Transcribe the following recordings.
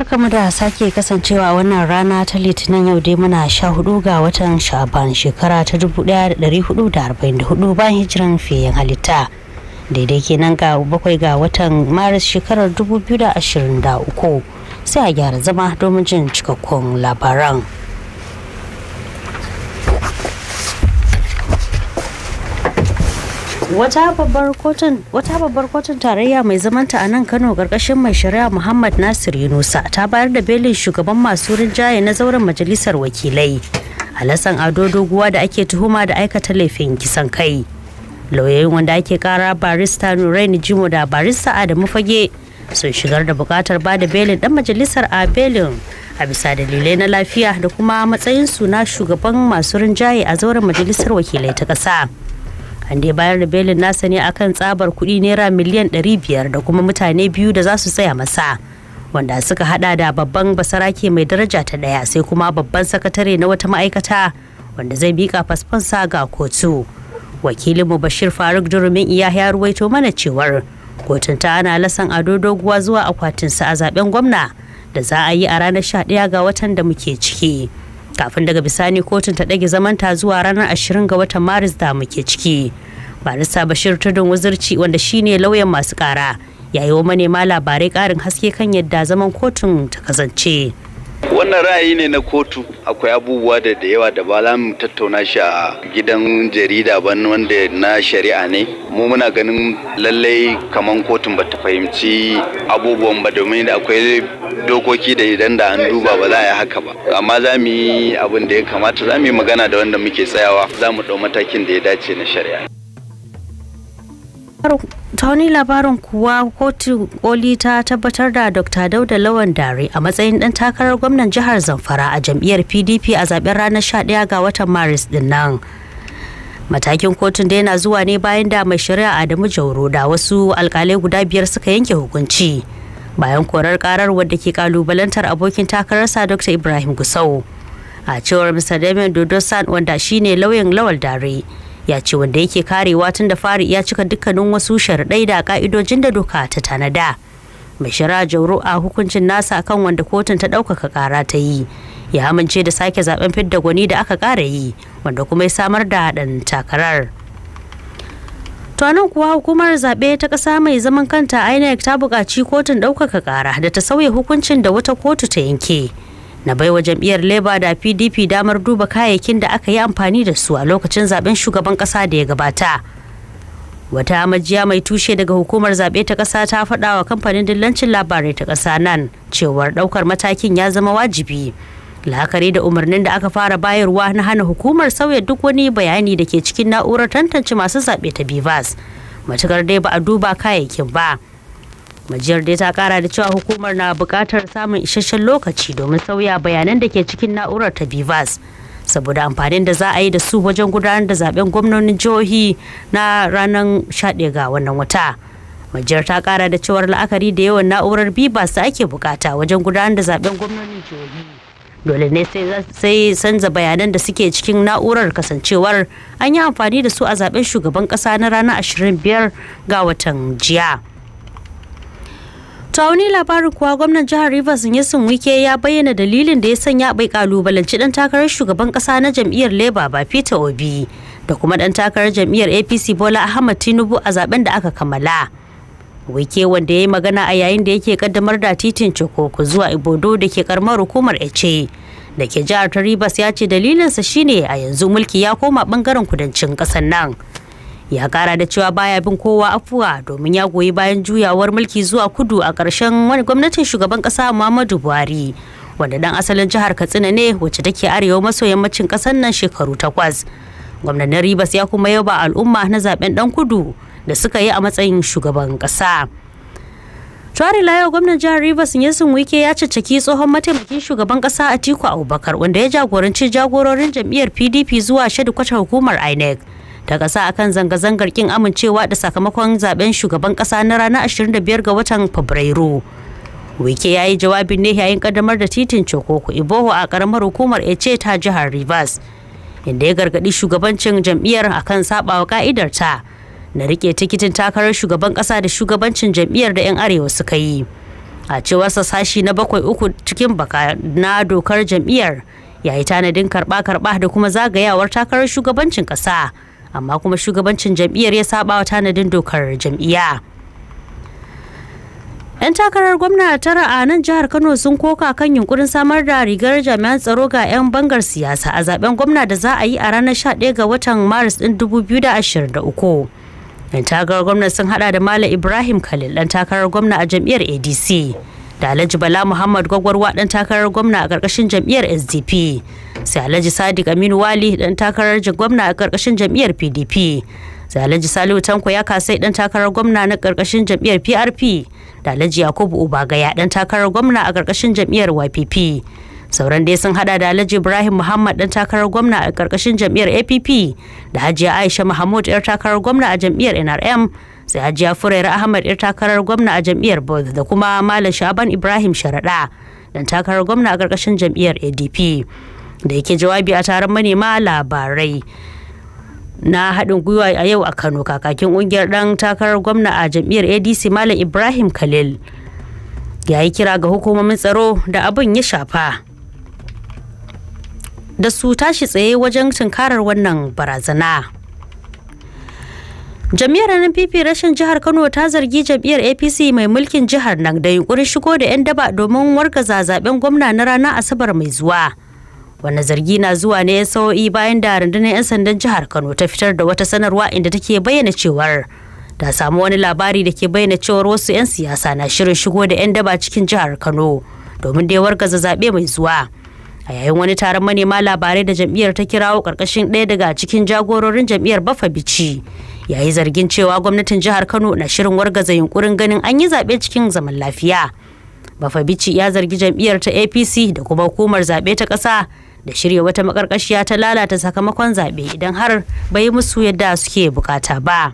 barkamu da sake kasancewa wannan rana ta litinin yau dai muna sha hudu ga watan shaban shekara ta 1444 bayan hijiran fiyen halitta daidai kenan ga bakwai ga watan maris shekarar 2023 sai a gyara zama domin jin cikakkun labaran. Wata babbar kotun wata babbar kotun tarayya mai zamanta a nan Kano karkashin mai shari'a Muhammad Nasir Yunusa ta bayar da belin shugaban masu rinjaye na zauren majalisar wakilai. a Alasan Ado Doguwa da ake tuhuma da aikata laifin kisan kai. Lauyoyin wanda ake kara barista Nuraini Jimo da barista Adamu Fage sun shigar da bukatar ba da belin dan majalisar a belin a bisa dalilai na lafiya da kuma su na shugaban masu rinjaye a zauren majalisar wakilai ta kasa. an dai bayar da belin nasa ne akan tsabar kuɗi naira miliyan 500 da kuma mutane biyu da za su tsaya masa wanda suka hada da babban basarake mai daraja ta daya sai kuma babban sakatare na wata ma'aikata wanda zai bika fasfansa ga kotu wakilinmu bashir faruk durumin iya ya ruwaito mana cewar kotun ta ana lasan ado doguwa zuwa akwatinsa a zaben gwamna da za a yi a ranar 11 ga watan da muke ciki. kafin daga bisani kotun ta ɗage ta zuwa ranar ashirin ga watan maris da muke ciki barista bashir tudun wuzirci wanda shine lauyan masu kara yayi wa manema labarai ƙarin haske kan yadda zaman kotun ta kasance. wannan ra'ayi ne na kotu akwai abubuwa da da yawa da ba za mu tattauna shi a gidan jarida ban wanda na shari'a ne mu muna ganin lallai kaman kotun ba ta fahimci abubuwan ba domin da akwai dokoki da idan da an duba ba za a yi haka ba amma za mu yi abin da ya kamata za mu yi magana da wanda muke tsayawa za mu ɗau matakin da ya dace na shari'a ta wani labarin kuwa kotu koli ta tabbatar da dr dauda lawan dare a matsayin dan takarar gwamnan jihar zamfara a jam'iyyar pdp a zaben ranar 11 ga watan maris din nan matakin kotun da yana zuwa ne bayan da mai shari'a adamu jauro da wasu alkalai guda biyar suka yanke hukunci bayan korar karar wadda ke kalubalantar abokin takararsa dr ibrahim gusau a cewar mr damian dodo san wanda shine lauyan lawal dare ya ce wanda yake karewa tun da fari ya cika dukkanin wasu sharaɗai da ka'idojin da doka ta tanada mai shara jauro a hukuncin nasa kan wanda kotun ta ɗaukaka ƙara ta yi ya amince da sake zaben fidda gwani da aka ƙara yi wanda kuma ya samar da ɗan takarar to kuwa hukumar zaɓe ta ƙasa mai zaman kanta inec ta buƙaci kotun ɗaukaka ƙara da ta sauya hukuncin da wata kotu ta yanke na baiwa jam'iyyar labour da pdp damar duba kayayyakin da aka yi amfani da su a lokacin zaben shugaban kasa da ya gabata wata majiya mai tushe daga hukumar zaɓe ta ƙasa ta faɗa wa kamfanin dillancin labarai ta ƙasa nan cewar ɗaukar matakin ya zama wajibi la'akari da umarnin da aka fara bayarwa na hana hukumar sauya duk wani bayani da ke cikin na'urar tantance masu zaɓe ta bivas matukar dai ba a duba kayayyakin ba majiyar dai ta kara da cewa hukumar na bukatar samun isasshen lokaci domin sauya bayanan da ke cikin na'urar ta bivas saboda amfanin da za a yi da su wajen gudanar da zaben gwamnonin jihohi na ranar shaɗe ga wannan wata majiyar ta kara da cewar la'akari da yawan na'urar bivas da ake bukata wajen gudanar da zaben gwamnonin jihohi dole ne sai sanza bayanan da suke cikin na'urar kasancewar an yi amfani da su a zaben shugaban kasa na ranar 25 ga watan jiya. tauni labarin kuwa gwamnan jihar rivers yasin wike ya bayyana dalilin da ya sanya bai kalubalanci dan takarar shugaban kasa na jam'iyyar labour ba peter obi da kuma dan takarar jam'iyyar apc bola ahmad tinubu a zaben da aka kammala wike wanda ya yi magana a yayin da yake kaddamar da titin cikoko zuwa ibodo da ke karamar hukumar ece da ke jihar ta rivers ya ce dalilinsa shine a yanzu mulki ya koma bangaren kudancin kasar nan ya kara da cewa baya bin kowa afuwa domin ya goyi bayan juyawar mulki zuwa kudu a ƙarshen wani gwamnatin shugaban ƙasa muhammadu buhari wanda dan asalin jihar katsina ne wacce take arewa maso yammacin ƙasar nan shekaru takwas gwamnatin ribas ya kuma yaba al'umma na zaben dan kudu da suka yi a matsayin shugaban ƙasa. Tuwari Layo gwamnan jihar Rivers sun Wike ya caccaki tsohon mataimakin shugaban kasa Atiku Abubakar wanda ya jagoranci jagororin jam'iyyar PDP zuwa shadikwatar hukumar INEC daga gasa akan zanga-zangar kin amincewa da sakamakon zaben shugaban kasa na ranar 25 ga watan Fabrairu. Wike ya yi jawabin ne yayin kaddamar da titin Cokoku Iboho a karamar hukumar Ece ta jihar Rivers, inda ya gargaɗi shugabancin jam'iyyar akan sabawa ka'idar ta na rike tikitin takarar shugaban kasa da shugabancin jam'iyyar da 'yan arewa suka yi. A cewarsa sashi na bakwai uku cikin baka na dokar jam'iyyar ya yi tanadin karɓa-karɓa da kuma zagayawar takarar shugabancin kasa. amma kuma shugabancin jam'iyyar ya saba wa tanadin dokar jam'iyya. 'Yan takarar gwamna ta a nan jihar Kano sun koka kan yunkurin samar da rigar jami'an tsaro ga 'yan bangar siyasa a zaben gwamna da za a yi a ranar sha 11 ga watan Maris ɗin 2023. 'Yan takarar gwamna sun hada da Malam Ibrahim Khalil ɗan takarar gwamna a jam'iyyar ADC. da Alhaji Bala Muhammad Gwagwarwa dan takarar gwamna a karkashin jam'iyyar SDP sai Alhaji Sadiq Aminu Wali dan takarar gwamna a karkashin jam'iyyar PDP sai Alhaji Salihu Tanko ya kasai dan takarar gwamna na karkashin jam'iyyar PRP da Alhaji Yakubu Ubagaya dan takarar gwamna a karkashin jam'iyyar YPP sauran dai sun hada da alhaji ibrahim muhammad dan takarar gwamna a karkashin jam'iyyar app da hajiya aisha mahmud yar takarar gwamna a jam'iyyar nrm sai hajiya furayar ahmad yar takarar gwamna a jam'iyyar both da kuma malam shaban ibrahim sharaɗa dan takarar gwamna a ƙarƙashin jam'iyyar adp da yake jawabi a taron manema labarai na haɗin gwiwa a yau a kano kakakin ƙungiyar ɗan takarar gwamna a jam'iyyar adc malam ibrahim khalil ya yi kira ga hukumomin tsaro da abin ya shafa da su tashi tsaye wajen tunkarar wannan barazana. Jam'iyyar NPP rashin jihar Kano ta zargi jam'iyyar APC mai mulkin jihar nan da yunkurin shigo da 'yan daba domin wargaza zaben gwamna na ranar Asabar mai zuwa. Wannan zargi na zuwa ne ya sa'o'i bayan da rundunar 'yan sandan jihar Kano ta fitar da wata sanarwa inda take bayyana cewar ta samu wani labari da ke bayyana cewar wasu 'yan siyasa na shirin shigo da 'yan daba cikin jihar Kano domin dai wargaza zaɓe mai zuwa. A yayin wani taron manema labarai da jam'iyyar ta kirawo ƙarƙashin ɗaya daga cikin jagororin jam'iyyar Bafa Bici. yayi zargin cewa gwamnatin jihar Kano na shirin wargaza yunkurin ganin an yi zaɓe cikin zaman lafiya. Bafabici ya zargi jam'iyyar ta APC da kuma hukumar zaɓe ta ƙasa da shirya wata makarkashiya ta lalata sakamakon zaɓe idan har bai musu yadda suke bukata ba.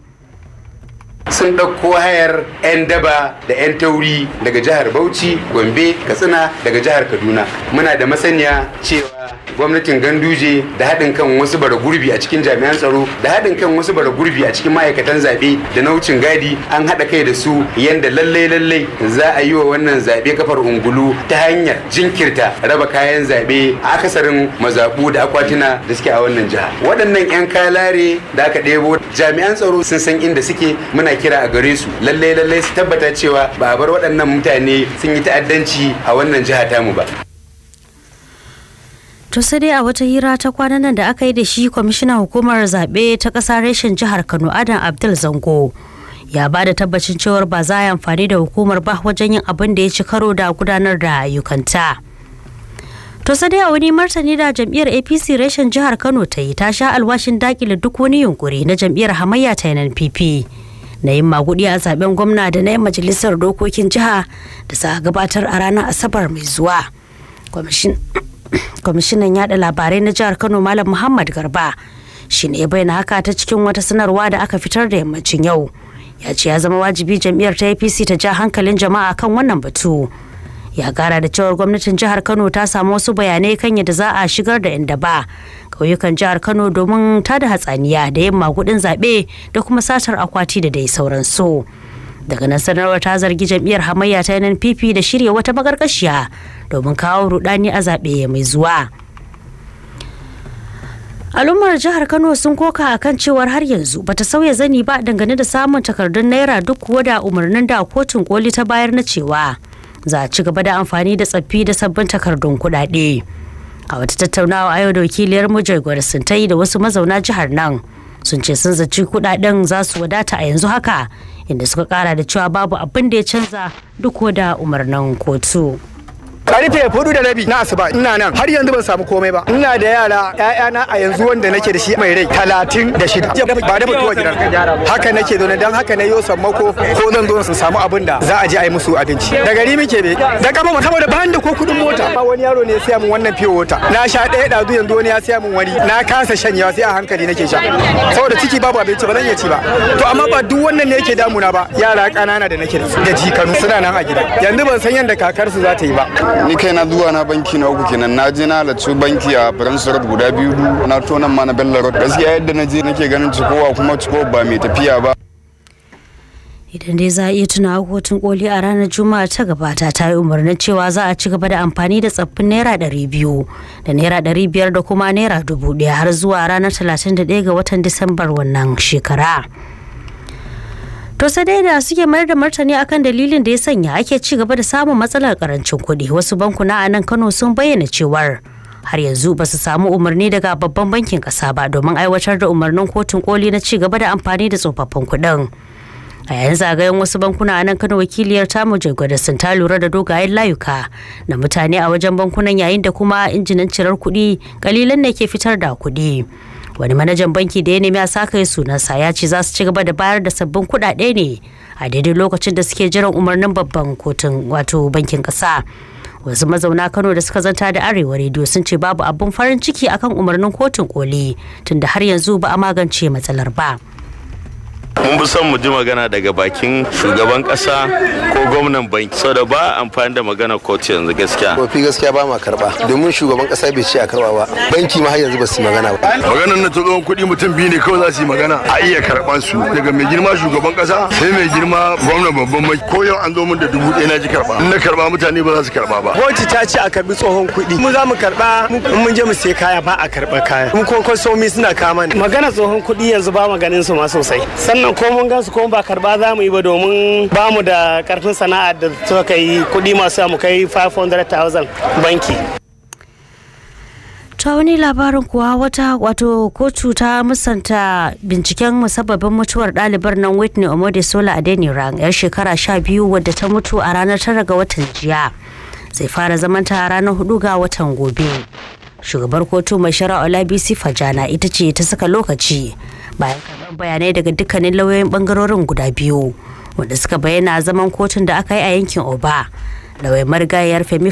sun ɗauko hayar 'yan daba da 'yan tauri daga jihar bauchi gombe katsina daga jihar kaduna muna da masaniya cewa gwamnatin ganduje da haɗin kan wasu bara gurbi a cikin jami'an tsaro da haɗin kan wasu bara gurbi a cikin ma'aikatan zaɓe da na wucin gadi an haɗa kai da su yadda lallai lallai za a yi wa wannan zaɓe kafar ungulu ta hanyar jinkirta raba kayan zaɓe a akasarin mazaɓu da akwatuna da suke a wannan jiha waɗannan 'yan kalare da aka ɗebo jami'an tsaro sun san inda suke muna kira a gare su lallai lallai su tabbata cewa ba a bar waɗannan mutane sun yi ta'addanci a wannan jiha tamu ba To sai dai a wata hira ta kwanan nan da aka yi da shi kwamishinan hukumar zaɓe ta ƙasa reshen jihar Kano Adam Abdul Zango. Ya ba da tabbacin cewar ba za a yi amfani da hukumar ba wajen yin abin da ya ci karo da gudanar da ayyukanta. To sai dai a wani martani da jam'iyyar APC reshen jihar Kano ta yi ta sha alwashin dakile duk wani yunkuri na jam'iyyar hamayya ta NPP. Na yin magudi a zaben gwamna da na yin majalisar dokokin jiha da za a gabatar a ranar Asabar mai zuwa. kwamishinan yada labarai na jihar kano malam muhammad garba shi ne bayyana haka ta cikin wata sanarwa da aka fitar da yammacin yau ya ce ya zama wajibi jam'iyyar ta apc ta ja hankalin jama'a kan wannan batu ya gara da cewar gwamnatin jihar kano ta samu wasu bayanai kan yadda za a shigar da inda ba ƙauyukan jihar kano domin ta da hatsaniya da yin magudin zaɓe da kuma satar akwati da dai sauransu. daga nan sanarwar ta zargi jam'iyyar hamayya ta nnpp da shirya wata magarkashiya domin kawo rudani a zaɓe mai zuwa al'ummar jihar kano sun koka a kan cewar har yanzu bata sauya zani ba dangane da samun takardun naira duk kuwa da umarnin da kotun koli ta bayar na cewa za a ci gaba da amfani da tsaffi da sabbin takardun kuɗaɗe a wata tattaunawa a yau da wakiliyar mu sun ta yi da wasu mazauna jihar nan sun ce sun zaci kudaden za su wadata a yanzu haka inda suka kara da cewa babu abin da ya canza duk da umarnin kotu. karfe hudu da rabi na asuba ina nan har yanzu ban samu komai ba ina da yara ƴaƴana a yanzu wanda nake da shi mai rai talatin da shida ba da mutuwa gidan haka nake zo dan haka na yi sammako ko zan zo su samu abin da za a je a yi musu abinci da gari muke be da kama mu saboda ban da ko kudin mota ba wani yaro ne ya siya min wannan fiyo wata na sha ɗaya ɗazu yanzu wani ya siya min wani na kasa shanyawa sai a hankali nake sha saboda ciki babu abinci ba zan iya ci ba to amma ba duk wannan ne yake damuna ba yara ƙanana da nake da su da jikanu suna nan a gida yanzu ban san yadda kakar su za ta yi ba ni kai na zuwa na banki na uku kenan na je na halarci banki a faransa road guda biyu na tonan ma na bella road gaskiya yadda na je nake ganin cikowa kuma cikowa ba mai tafiya ba idan dai za a iya tuna kotun koli a ranar juma'a ta gabata ta yi umarnin cewa za a ci gaba da amfani da tsaffin naira ɗari biyu da naira ɗari biyar da kuma naira dubu ɗaya har zuwa ranar 31 ga watan disambar wannan shekara. To sai dai da suke mayar da martani akan dalilin da ya sanya ake ci gaba da samun matsalar karancin kuɗi wasu bankuna a nan Kano sun bayyana cewar har yanzu ba su samu umarni daga babban bankin ƙasa ba domin aiwatar da umarnin kotun koli na ci gaba da amfani da tsofaffin kuɗin. a yayin zagayen wasu bankuna a nan kano wakiliyar tamu jaigwada sun ta lura da dogayen layuka na mutane a wajen bankunan yayin da kuma injinan cirar kuɗi kalilan ne ke fitar da kuɗi. wani manajan banki da ya nemi a sa sunansa ya ce za su ci gaba da bayar da sabbin kuɗaɗe ne a daidai lokacin da suke jiran umarnin babban kotun wato bankin ƙasa wasu mazauna kano da suka zanta da arewa rediyo sun ce babu abin farin ciki akan umarnin kotun koli tunda har yanzu ba a magance matsalar ba. mun fi son mu ji magana daga bakin shugaban kasa ko gwamnan banki sau da ba amfani da magana kotu yanzu gaskiya kofi gaskiya ba ma karba domin shugaban kasa bai ce a karba ba banki ma har yanzu ba su magana ba maganar na tsohon kuɗi mutum biyu ne kawai za su yi magana a iya karban su daga mai girma shugaban kasa sai mai girma gwamnan babban mai ko yau an zo mun da dubu ɗaya na ji karba in na karba mutane ba za su karba ba kotu ta ce a karbi tsohon kuɗi mu za mu karba mun je mu sai kaya ba a karba kaya mun ko kwasomi suna kama magana tsohon kuɗi yanzu ba maganin su ma sosai sannan wannan ko mun gansu ko ba karba za mu yi ba domin ba mu da karfin sana'a da suka yi kudi masu mu kai 500,000 banki ta wani labarin kuwa wata wato kotu ta musanta binciken musabbabin mutuwar ɗalibar nan whitney a adenirang yar shekara sha biyu wadda ta mutu a ranar tara ga watan jiya zai fara zamanta ranar hudu ga watan gobe shugabar kotu mai shari'a olabisi fajana ita ce ta saka lokaci bayan karɓar bayanai daga dukkanin lauyoyin bangarorin guda biyu wanda suka bayyana zaman kotun da aka yi a yankin oba lauyan marigayar femi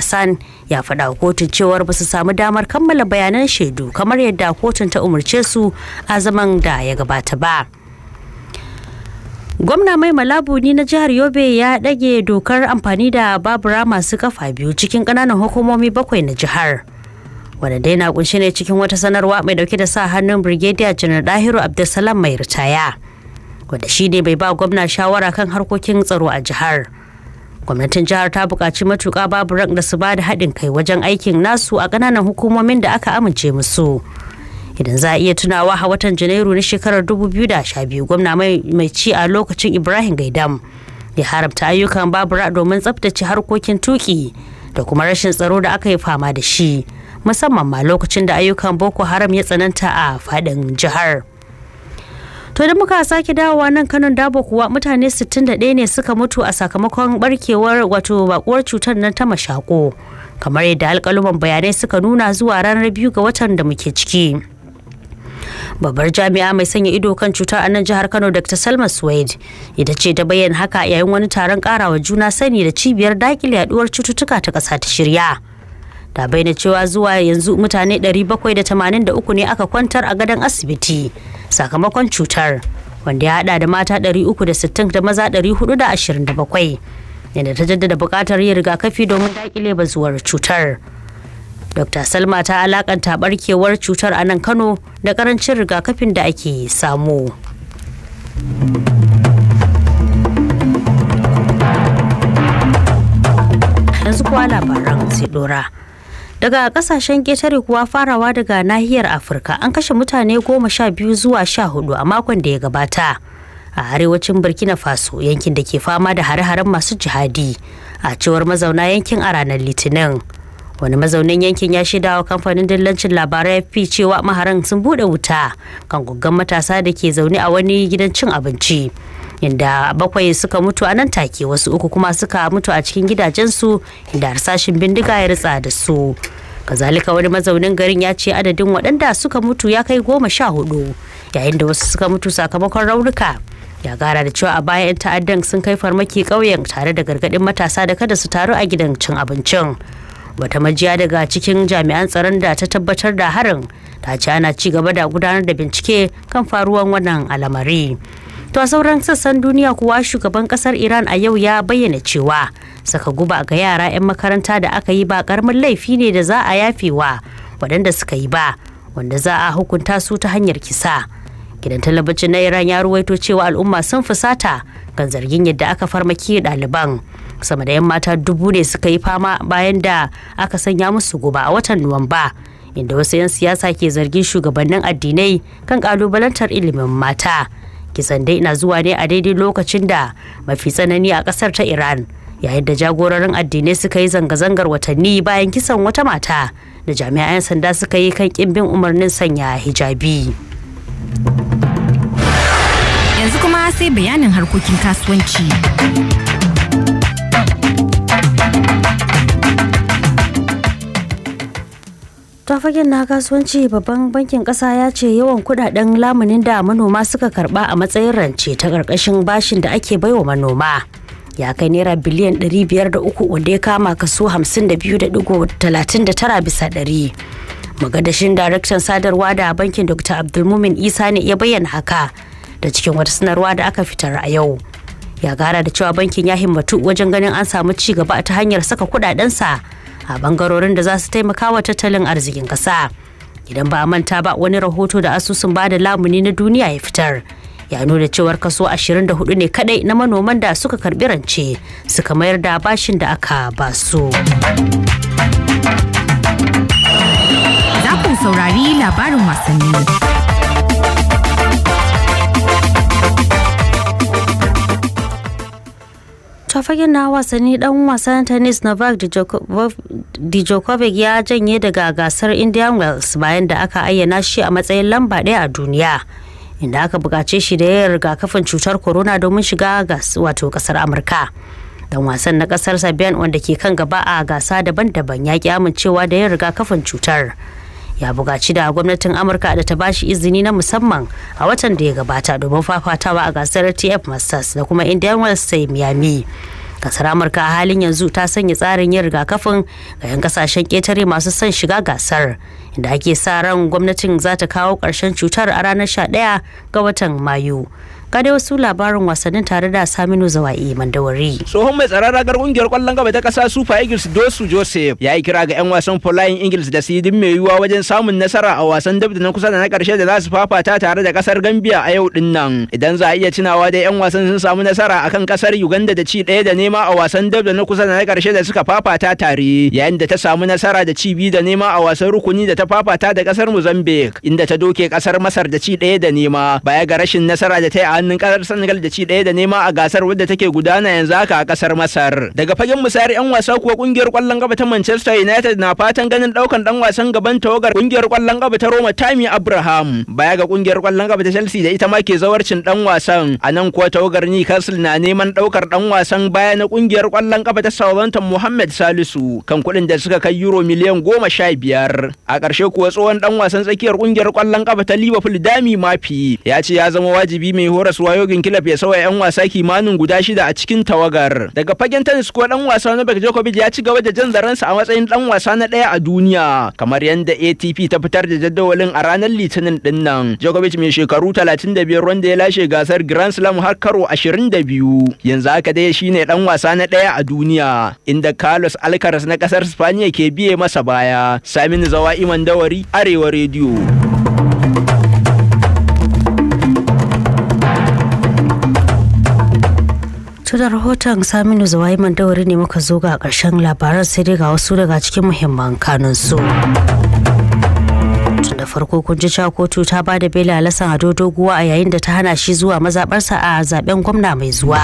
san ya faɗa wa kotun cewar ba su samu damar kammala bayanan shaidu kamar yadda kotun ta umarce su a zaman da ya gabata ba. gwamna mai malabu na jihar yobe ya ɗage dokar amfani da babura masu kafa biyu cikin ƙananan hukumomi bakwai na jihar wanda dai na kunshi ne cikin wata sanarwa mai dauke da sa hannun brigadier janar dahiru abdulsalam mai ritaya wanda shi ne bai ba gwamna shawara kan harkokin tsaro a jihar gwamnatin jihar ta buƙaci matuƙa babu rank da su ba da haɗin kai wajen aikin nasu a ƙananan hukumomin da aka amince musu idan za a iya tunawa a watan janairu na shekarar 2012 gwamna mai ci a lokacin ibrahim gaidam ya haramta ayyukan babura domin tsabtace harkokin tuki da kuma rashin tsaro da aka yi fama da shi. musamman ma lokacin da ayyukan boko haram ya tsananta a fadin jihar to da muka sake dawowa nan kanon dabo kuwa mutane 61 ne suka mutu a sakamakon barkewar wato bakuwar cutar nan ta mashako kamar yadda alkaluman bayanai suka nuna zuwa ranar biyu ga watan da muke ciki babbar jami'a mai sanya ido kan cutar a nan jihar kano dr salma suwaid ita ce ta bayyana haka yayin wani taron karawa juna sani da cibiyar dakile yaduwar cututtuka ta ƙasa ta shirya ta bayyana cewa zuwa yanzu mutane 783 ne aka kwantar a gadon asibiti sakamakon cutar wanda ya hada da mata 360 da maza 427 yadda ta jaddada bukatar yin rigakafi domin dakile bazuwar cutar dr salma ta alakanta barkewar cutar a nan kano da karancin rigakafin da ake samu. yanzu kuwa labaran sai dora. daga kasashen ƙetare kuwa farawa daga nahiyar afirka an kashe mutane goma sha biyu zuwa sha hudu a makon da ya gabata a arewacin burkina faso yankin da ke fama da hare-haren masu jihadi a cewar mazauna yankin a ranar litinin wani mazaunin yankin ya shaida wa kamfanin dillancin labarai fi cewa maharan sun bude wuta kan guggan matasa da ke zaune a wani gidan cin abinci inda bakwai suka mutu a nan take wasu uku kuma suka mutu a cikin gidajensu inda harsashin bindiga ya ritsa da su kazalika wani mazaunin garin ya ce adadin waɗanda suka mutu ya kai goma sha hudu yayin da wasu suka mutu sakamakon raunuka ya gara da cewa a baya 'yan ta'addan sun kai farmaki ƙauyen tare da gargaɗin matasa da kada su taru a gidan cin abincin wata majiya daga cikin jami'an tsaron da ta tabbatar da harin ta ce ana ci gaba da gudanar da bincike kan faruwan wannan al'amari To a sauran sassan duniya kuwa shugaban kasar Iran a yau ya bayyana cewa saka guba ga yara 'yan makaranta da aka yi ba karamin laifi ne da za a yafewa waɗanda suka yi ba wanda za a hukunta su ta hanyar kisa. Gidan talabijin na Iran ya ruwaito cewa al'umma sun fusata kan zargin yadda aka farmaki ɗaliban. Sama da 'yan mata dubu ne suka yi fama bayan da aka sanya musu guba a watan Nuwamba. Inda wasu 'yan siyasa ke zargin shugabannin addinai kan ƙalubalantar ilimin mata. kisan dai na zuwa ne a daidai lokacin da mafi tsanani a kasar ta iran yayin da jagororin addinai suka yi zanga-zangar watanni bayan kisan wata mata da jami'an sanda suka yi kan kimbin umarnin sanya hijabi yanzu kuma sai bayanin harkokin kasuwanci ta fagen na kasuwanci babban bankin kasa ya ce yawan kudaden lamunin da manoma suka karba a matsayin rance ta karkashin bashin da ake baiwa manoma ya kai naira biliyan 503 wanda ya kama kaso 52.39 bisa ɗari. magadashin daraktan sadarwa da bankin dr abdulmumin isa ne ya bayyana haka da cikin wata sanarwa da aka fitar a yau ya gara da cewa bankin ya himmatu wajen ganin an samu ci gaba ta hanyar saka kudadensa a bangarorin da za su taimaka wa tattalin arzikin ƙasa. Idan ba a manta ba wani rahoto da asusun bada lamuni na duniya ya fitar. ya nuna cewar kaso 24 ne kadai na manoman da suka karbi rance suka mayar da bashin da aka basu. Za ku saurari labarin wasanni. ta fagen na wasanni dan wasan tennis novak djokovic ya janye daga gasar indian wells bayan da aka ayyana shi a matsayin lamba ɗaya a duniya inda aka buƙace shi da yin rigakafin cutar corona domin shiga wato kasar amurka dan wasan na kasar sabian wanda ke kan gaba a gasa daban-daban ya ki amincewa da yin rigakafin cutar ya buƙaci da gwamnatin amurka da ta bashi izini na musamman a watan da ya gabata domin fafatawa a gasar tf masters da kuma indian west sai miami kasar amurka a halin yanzu ta sanya tsarin yin rigakafin ga 'yan kasashen ƙetare masu son shiga gasar inda ake sa ran gwamnatin za ta kawo ƙarshen cutar a ranar 11 ga watan mayu ga da wasu labarin wasannin tare da Saminu Zawai Mandawari. Tsohon mai tsaron ragar kungiyar kwallon gaba ta kasa Super Eagles Dosu Joseph ya yi kira ga 'yan wasan Flying Eagles da su yi mai yiwuwa wajen samun nasara a wasan dabda na kusa da na karshe da za su fafata tare da kasar Gambia a yau din nan. Idan za a iya cinawa da 'yan wasan sun samu nasara a kan kasar Uganda da ci ɗaya da nema a wasan dabda na kusa da na karshe da suka fafata tare yayin da ta samu nasara da ci biyu da nema a wasan rukuni da ta fafata da kasar Mozambique inda ta doke kasar Masar da ci ɗaya da nema baya ga rashin nasara da ta yi a hannun kasar Senegal da ci ɗaya da nema a gasar wadda take gudana yanzu haka a kasar Masar. Daga fagen musayar 'yan wasa kuwa kungiyar kwallon gaba ta Manchester United na fatan ganin ɗaukan ɗan wasan gaban tawagar kungiyar kwallon gaba ta Roma Tammy Abraham. Baya ga kungiyar kwallon gaba ta Chelsea da ita ma ke zawarcin ɗan wasan. A nan kuwa tawagar Newcastle na neman ɗaukar ɗan wasan baya na kungiyar kwallon gaba ta Southampton Mohammed Salisu kan kuɗin da suka kai euro miliyan goma sha biyar. A ƙarshe kuwa tsohon dan wasan tsakiyar kungiyar kwallon gaba ta Liverpool Dami Mafi ya ce ya zama wajibi mai horar horaswa wayogin Kilab ya sauya 'yan wasa kimanin guda shida a cikin tawagar. Daga fagen tennis kuwa dan wasa Novak Djokovic ya ci gaba da jan zaren zaransa a matsayin ɗan wasa na ɗaya a duniya kamar yadda ATP ta fitar da jadawalin a ranar Litinin din nan. Djokovic mai shekaru 35 wanda ya lashe gasar Grand Slam har karo 22. Yanzu haka dai shi ne dan wasa na ɗaya a duniya inda Carlos Alcaraz na kasar Spaniya ke biye masa baya. Saminu Zawa Iman Dawari Arewa Radio. da rahoton Saminu Zawai Mandawari ne muka zo ga ƙarshen labaran sai dai ga wasu daga cikin muhimman kanun su. da farko kun ji kotu ta ba da bela lasan ado doguwa a yayin da ta hana shi zuwa mazaɓarsa a zaben gwamna mai zuwa.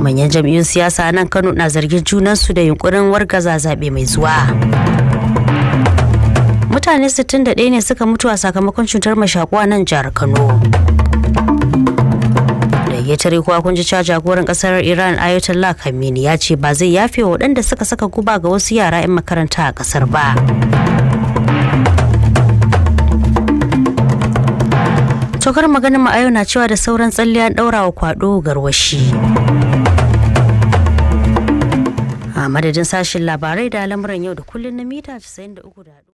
Manyan jam'iyyun siyasa nan Kano na zargin junansu da yunkurin wargaza zaɓe mai zuwa. Mutane 61 ne suka mutu a sakamakon cutar mashakuwa nan jihar Kano. ya kuwa kun ji cewa jagoran ƙasar Iran Ayatollah Khamenei ya ce ba zai yafe waɗanda suka saka guba ga wasu yara 'yan makaranta a kasar ba. tokar maganin mu na cewa da sauran tsalle an daura wa kwado garwashi a madadin sashin labarai da lamuran yau da kullun na mita 93